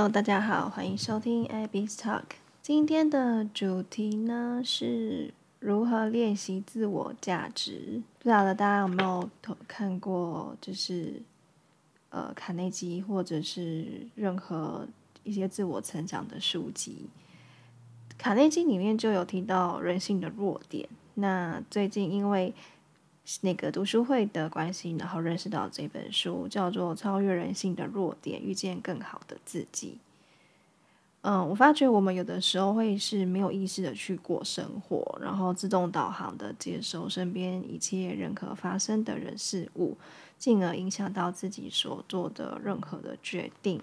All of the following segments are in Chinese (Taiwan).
Hello，大家好，歡迎收聽 Abby's Talk。今天的主題呢是如何練習自我價值。不曉得大家有沒有看過，就是、呃、卡內基或者是任何一些自我成長的書籍。卡內基裡面就有提到人性的弱點。那最近因為那個讀書會的關係，然後認識到這本書叫做《超越人性的弱點》，遇見更好的自己。嗯，我發覺我們有的時候會是沒有意識地去過生活，然後自動導航地接收身邊一切任何發生的人事物，進而影響到自己所做的任何的決定。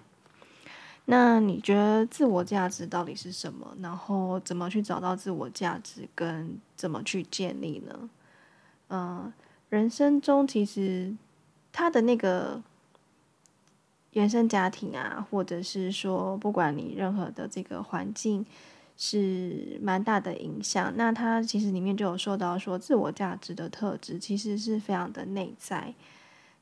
那你覺得自我價值到底是什麼？然後怎麼去找到自我價值，跟怎麼去建立呢？嗯、呃，人生中其實他的那個原生家庭啊，或者是說不管你任何的這個環境，是蠻大的影響。那他其實裡面就有說到說，自我價值的特質其實是非常的內在。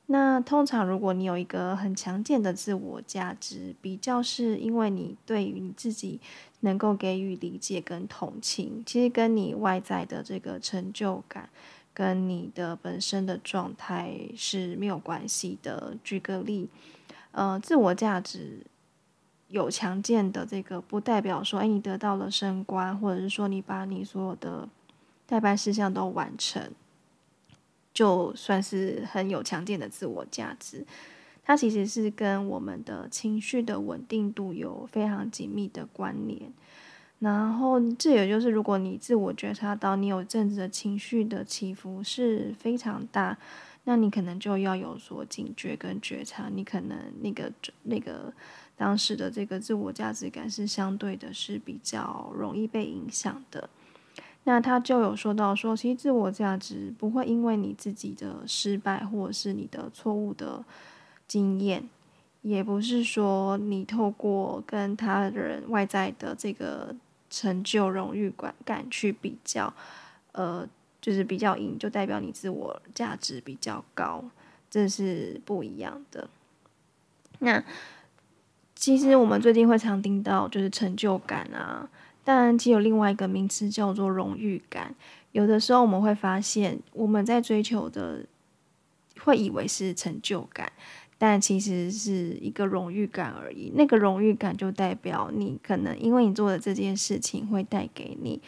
那通常如果你有一個很強健的自我價值，比較是因為你對於你自己能夠給予理解跟同情，其實跟你外在的這個成就感。跟你的本身的狀態是沒有關係的。舉個例，呃，自我價值有強健的這個，不代表說，哎，你得到了升官，或者是說你把你所有的代辦事項都完成，就算是很有強健的自我價值。它其實是跟我們的情緒的穩定度有非常緊密的關聯。然後，這也就是如果你自我覺察到你有陣子的情緒的起伏是非常大，那你可能就要有所警覺跟覺察，你可能那個那個當時的這個自我價值感是相對的，是比較容易被影響的。那他就有說到說，其實自我價值不會因為你自己的失敗或者是你的錯誤的經驗，也不是說你透過跟他人外在的這個。成就榮譽感，去比較，呃，就是比較贏，就代表你自我價值比較高，這是不一樣的。那其實我們最近會常聽到，就是成就感啊，但其實有另外一個名詞叫做榮譽感。有的時候我們會發現，我們在追求的，會以為是成就感。但其實是一個榮譽感而已，那個榮譽感就代表你可能因為你做的這件事情會帶給你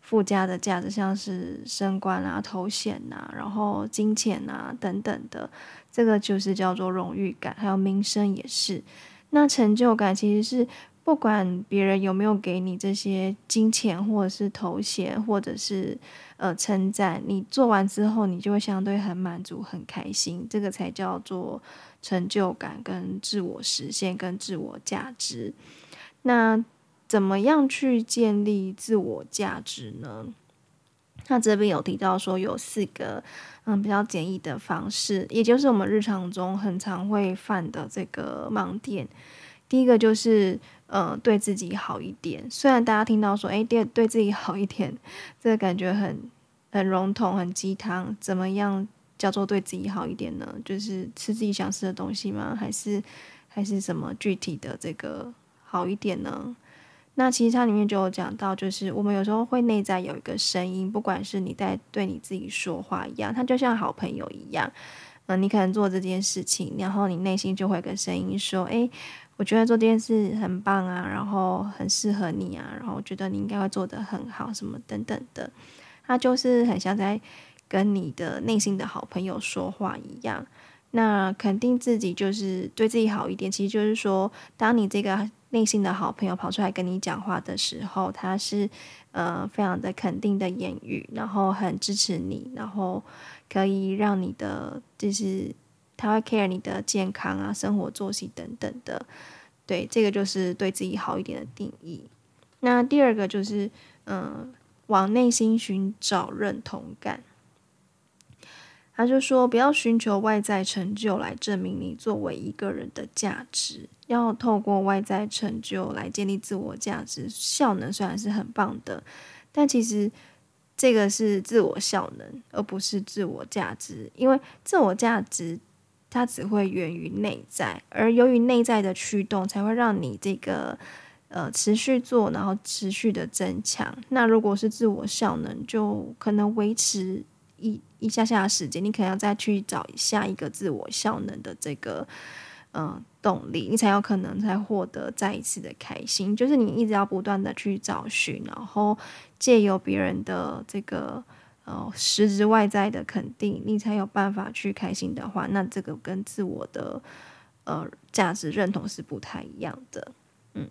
附加的價值，像是升官啊、頭銜啊、然後金錢啊等等的，這個就是叫做榮譽感，還有名聲也是。那成就感其實是。不管別人有沒有給你這些金錢，或者是頭銜，或者是呃稱讚，你做完之後，你就會相對很滿足、很開心。這個才叫做成就感、跟自我實現、跟自我價值。那怎麼樣去建立自我價值呢？那這邊有提到說有四個嗯比較簡易的方式，也就是我們日常中很常會犯的這個盲點。第一個就是。嗯、呃，對自己好一點。雖然大家聽到說“誒，對對自己好一點”，這個感覺很很籠統，很雞湯。怎麼樣叫做對自己好一點呢？就是吃自己想吃的東西嗎？還是還是什麼具體的這個好一點呢？那其實它裡面就有講到，就是我們有時候會內在有一個聲音，不管是你在對你自己說話一樣，它就像好朋友一樣。嗯、呃，你可能做這件事情，然後你內心就會有個聲音說：“誒。我覺得做這件事很棒啊，然後很適合你啊，然後我覺得你應該會做得很好，什麼等等的，他就是很像在跟你的內心的好朋友說話一樣。那肯定自己就是對自己好一點，其實就是說，當你這個內心的好朋友跑出來跟你講話的時候，他是呃非常的肯定的言語，然後很支持你，然後可以讓你的就是。他會 care 你的健康啊、生活作息等等的，對，這個就是對自己好一點的定義。那第二個就是，嗯，往內心尋找認同感。他就說，不要尋求外在成就來證明你作為一個人的價值，要透過外在成就來建立自我價值。效能雖然是很棒的，但其實這個是自我效能，而不是自我價值，因為自我價值。它只會源於內在，而由於內在的驅動，才會讓你這個呃持續做，然後持續的增強。那如果是自我效能，就可能維持一一下下的時間，你可能要再去找下一個自我效能的這個嗯、呃、動力，你才有可能才獲得再一次的開心。就是你一直要不斷的去找尋，然後借由別人的這個。呃、哦，實質外在的肯定，你才有辦法去開心的話，那這個跟自我的呃價值認同是不太一樣的。嗯，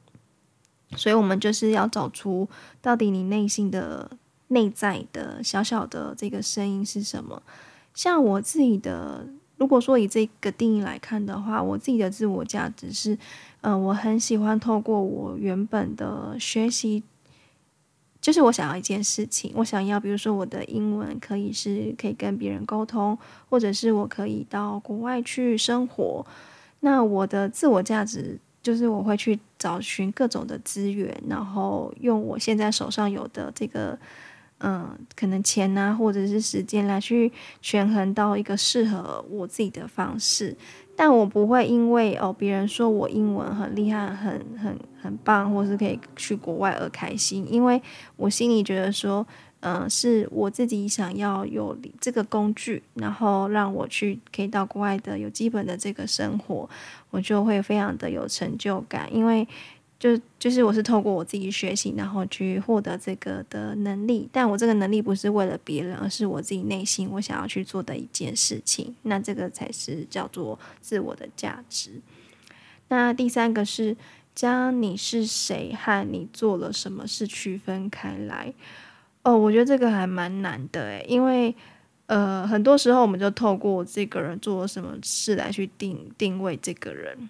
所以我們就是要找出到底你內心的內在的小小的這個聲音是什麼。像我自己的，如果說以這個定義來看的話，我自己的自我價值是，嗯、呃，我很喜歡透過我原本的學習。就是我想要一件事情，我想要，比如說我的英文可以是可以跟別人溝通，或者是我可以到國外去生活。那我的自我價值就是我會去找尋各種的資源，然後用我現在手上有的這個。嗯，可能錢吶，或者是時間來去權衡到一個適合我自己的方式，但我不會因為哦別人說我英文很厲害，很很很棒，或是可以去國外而開心，因為我心裡覺得說，嗯，是我自己想要有這個工具，然後讓我去可以到國外的有基本的這個生活，我就會非常的有成就感，因為。就就是我是透過我自己學習，然後去獲得這個的能力，但我這個能力不是為了別人，而是我自己內心我想要去做的一件事情，那這個才是叫做自我的價值。那第三個是將你是誰和你做了什麼事區分開來。哦，我覺得這個還蠻難的，誒，因為呃，很多時候我們就透過這個人做了什麼事來去定定位這個人。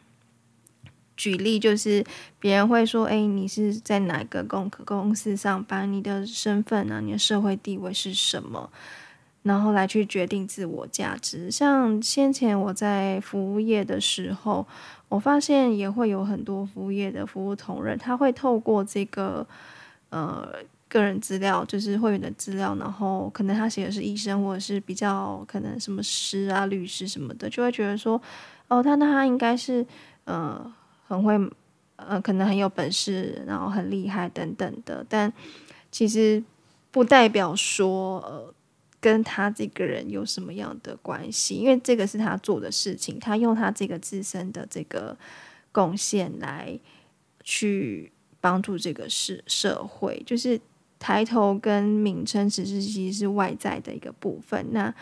舉例就是，別人會說：“哎，你是在哪個公公司上班？你的身份啊，你的社會地位是什麼？”然後來去決定自我價值。像先前我在服務業的時候，我發現也會有很多服務業的服務同仁，他會透過這個呃個人資料，就是會員的資料，然後可能他寫的是醫生，或者是比較可能什麼師啊、律師什麼的，就會覺得說：“哦，他那他應該是呃。”很會，呃，可能很有本事，然後很厲害等等的，但其實不代表說呃跟他這個人有什麼樣的關係，因為這個是他做的事情，他用他這個自身的這個貢獻來去幫助這個社社會，就是抬頭跟名稱只是其實是外在的一個部分，那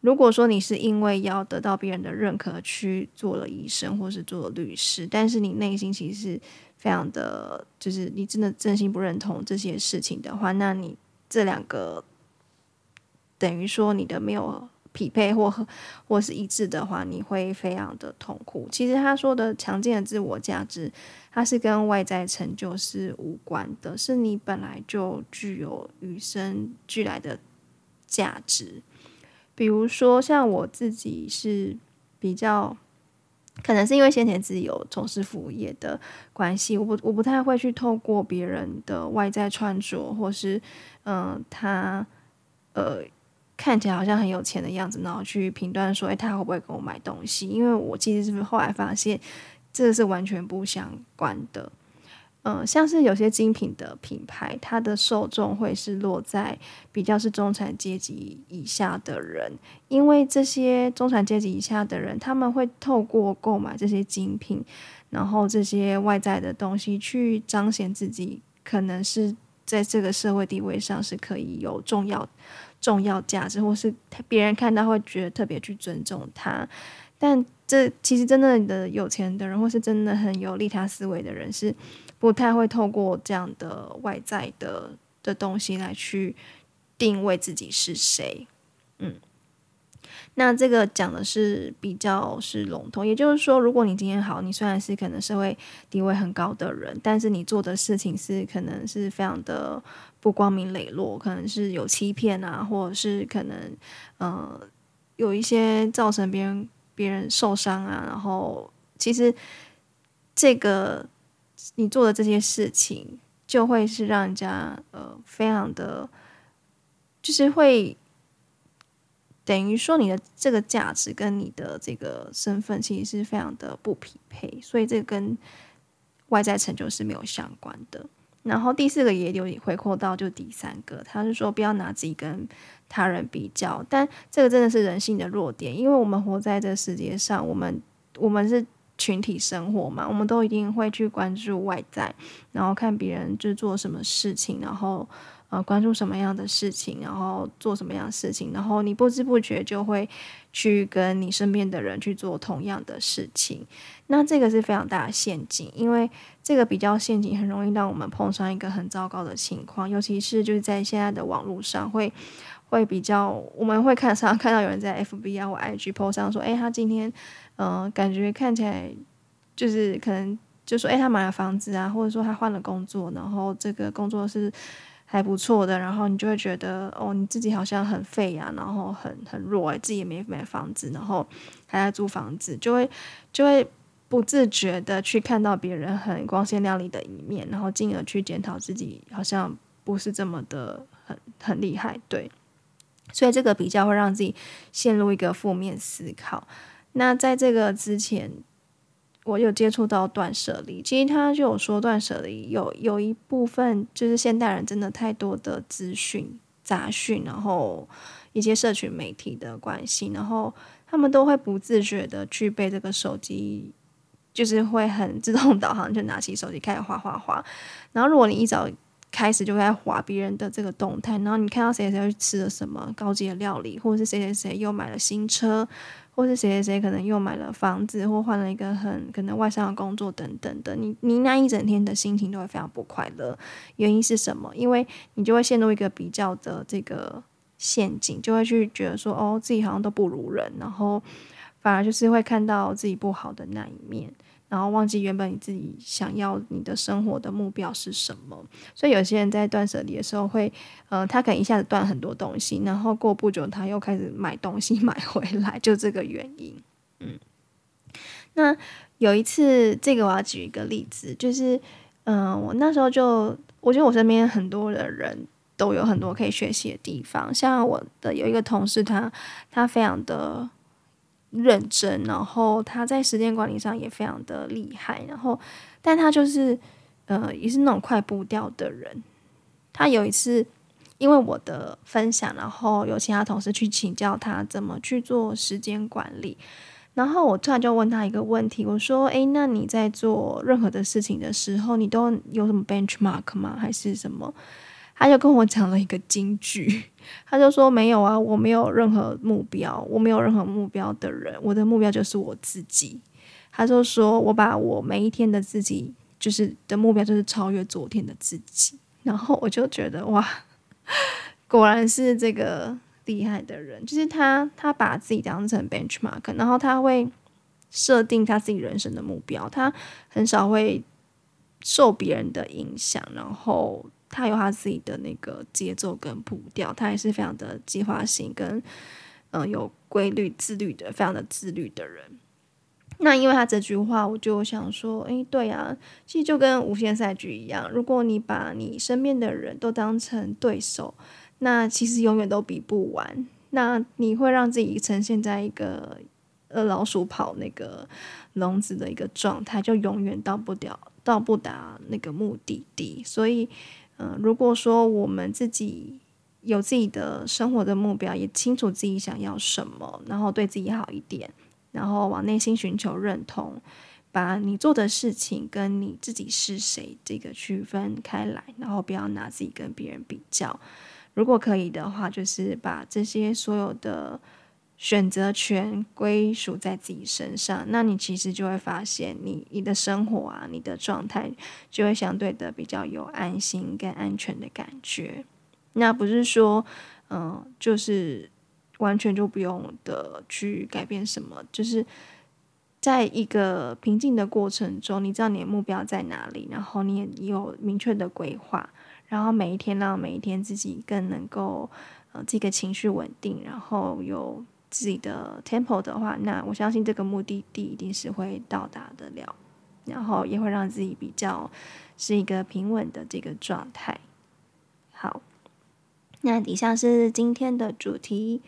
如果說你是因為要得到別人的認可去做了醫生或是做了律師，但是你內心其實非常的就是你真的真心不認同這些事情的話，那你這兩個等於說你的沒有匹配或或是一致的話，你會非常的痛苦。其實他說的強健的自我價值，它是跟外在成就是無關的，是你本來就具有與生俱來的價值。比如說，像我自己是比較，可能是因為先前自己有從事服務業的關係，我不我不太會去透過別人的外在穿着，或是嗯、呃、他呃看起來好像很有錢的樣子，然後去評斷說，哎、欸，他會不會跟我買東西？因為我其實是後來發現，這是完全不相關的。嗯、呃，像是有些精品的品牌，它的受眾會是落在比較是中產階級以下的人，因為這些中產階級以下的人，他們會透過購買這些精品，然後這些外在的東西去彰顯自己，可能是在這個社會地位上是可以有重要、重要價值，或是別人看到會覺得特別去尊重他，但，這其實真的你的有錢的人，或是真的很有利他思維的人，是不太會透過這樣的外在的的東西來去定位自己是誰。嗯，那這個講的是比較是籠統，也就是說，如果你今天好，你雖然是可能社會地位很高的人，但是你做的事情是可能是非常的不光明磊落，可能是有欺騙啊，或者是可能呃有一些造成別人。別人受傷啊，然後其實這個你做的這些事情，就會是讓人家呃，非常的，就是會等於說你的這個價值跟你的這個身份，其實是非常的不匹配，所以這個跟外在成就是沒有相關的。然後第四個也有回扣到，就第三個，他是說不要拿自己跟他人比較，但這個真的是人性的弱點，因為我們活在這世界上，我們我們是群體生活嘛，我們都一定會去關注外在，然後看別人就做什麼事情，然後。呃，關注什麼樣的事情，然後做什麼樣的事情，然後你不知不覺就會去跟你身邊的人去做同樣的事情。那這個是非常大的陷阱，因為這個比較陷阱很容易讓我們碰上一個很糟糕的情況，尤其是就是在現在的網絡上會，會會比較我們會看上看到有人在 F B 啊或 I G post 上說，哎、欸，他今天嗯、呃，感覺看起來就是可能就說，哎、欸，他買了房子啊，或者說他換了工作，然後這個工作是。還不錯的，然後你就會覺得哦，你自己好像很廢呀、啊，然後很很弱哎、欸，自己也沒買房子，然後還在租房子，就會就會不自覺的去看到別人很光鮮亮麗的一面，然後進而去檢討自己好像不是這麼的很很厲害，對，所以這個比較會讓自己陷入一個負面思考。那在這個之前。我有接觸到斷捨離，其實他就有說斷捨離有有一部分就是現代人真的太多的資訊、雜訊，然後一些社群媒體的關係，然後他們都會不自覺的具備這個手機，就是會很自動導航，就拿起手機開始滑滑滑，然後如果你一早。開始就會在劃別人的這個動態，然後你看到誰誰又吃了什麼高級的料理，或者是誰誰誰又買了新車，或是誰誰誰可能又買了房子，或換了一個很可能外商的工作等等的，你你那一整天的心情都會非常不快樂。原因是什麼？因為你就會陷入一個比較的這個陷阱，就會去覺得說，哦，自己好像都不如人，然後反而就是會看到自己不好的那一面。然後忘記原本你自己想要你的生活的目標是什麼，所以有些人在斷捨離的時候會，呃，他可能一下子斷很多東西，然後過不久他又開始買東西買回來，就這個原因。嗯，那有一次這個我要舉一個例子，就是，嗯、呃，我那時候就我覺得我身邊很多的人都有很多可以學習的地方，像我的有一個同事他，他非常的。認真，然後他在時間管理上也非常的厲害，然後但他就是呃也是那種快步調的人。他有一次因為我的分享，然後有其他同事去請教他怎麼去做時間管理，然後我突然就問他一個問題，我說：“誒，那你在做任何的事情的時候，你都有什麼 benchmark 嗎？還是什麼？”他就跟我講了一個金句，他就說：“沒有啊，我沒有任何目標，我沒有任何目標的人，我的目標就是我自己。”他就說：“我把我每一天的自己，就是的目標，就是超越昨天的自己。”然後我就覺得哇，果然是這個厲害的人，就是他，他把自己當成 benchmark，然後他會設定他自己人生的目標，他很少會受別人的影響，然後。他有他自己的那個節奏跟步調，他也是非常的計劃性跟嗯、呃、有規律、自律的，非常的自律的人。那因為他這句話，我就想說，誒，對啊，其實就跟無限賽局一樣，如果你把你身邊的人都當成對手，那其實永遠都比不完。那你會讓自己呈現在一個呃老鼠跑那個籠子的一個狀態，就永遠到不掉、到不達那個目的地。所以。嗯，如果說我們自己有自己的生活的目標，也清楚自己想要什麼，然後對自己好一點，然後往內心尋求認同，把你做的事情跟你自己是誰這個區分開來，然後不要拿自己跟別人比較。如果可以的話，就是把這些所有的。選擇權歸屬在自己身上，那你其實就會發現，你你的生活啊，你的狀態就會相對的比較有安心跟安全的感覺。那不是說，嗯、呃，就是完全就不用的去改變什麼，就是在一個平靜的過程中，你知道你的目標在哪裡，然後你也有明確的規劃，然後每一天讓每一天自己更能夠，呃，這個情緒穩定，然後有。自己的 tempo 的話，那我相信這個目的地一定是會到達的了，然後也會讓自己比較是一個平穩的這個狀態。好，那底下是今天的主題。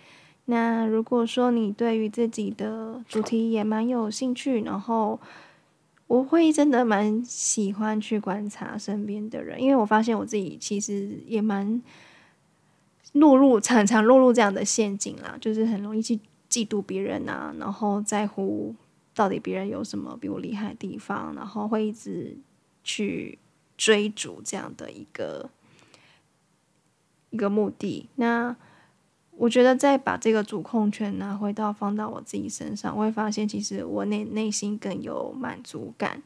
那如果說你對於自己的主題也蠻有興趣，然後我會真的蠻喜歡去觀察身邊的人，因為我發現我自己其實也蠻。落入常常落入這樣的陷阱啦，就是很容易去嫉妒別人啊，然後在乎到底別人有什麼比我厲害的地方，然後會一直去追逐這樣的一個一個目的。那我覺得再把這個主控權拿回到放到我自己身上，我會發現其實我內內心更有滿足感。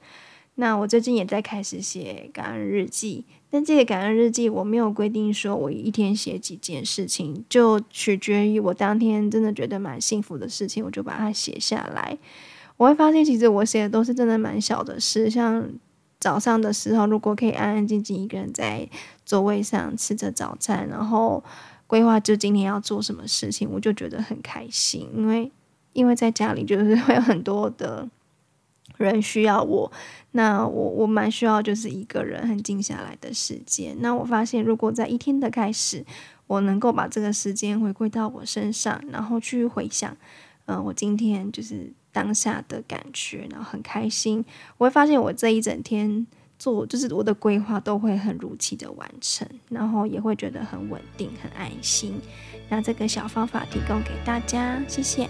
那我最近也在開始寫感恩日記，但這個感恩日記我沒有規定說我一天寫幾件事情，就取決於我當天真的覺得蠻幸福的事情，我就把它寫下來。我會發現，其實我寫的都是真的蠻小的事，像早上的時候，如果可以安安靜靜一個人在座位上吃着早餐，然後規劃就今天要做什麼事情，我就覺得很開心，因為因為在家裡就是會有很多的。人需要我，那我我蠻需要就是一個人很靜下來的時間。那我發現，如果在一天的開始，我能夠把這個時間回歸到我身上，然後去回想，嗯、呃，我今天就是當下的感覺，然後很開心，我會發現我這一整天做就是我的規劃都會很如期的完成，然後也會覺得很穩定很安心。那這個小方法提供給大家，謝謝。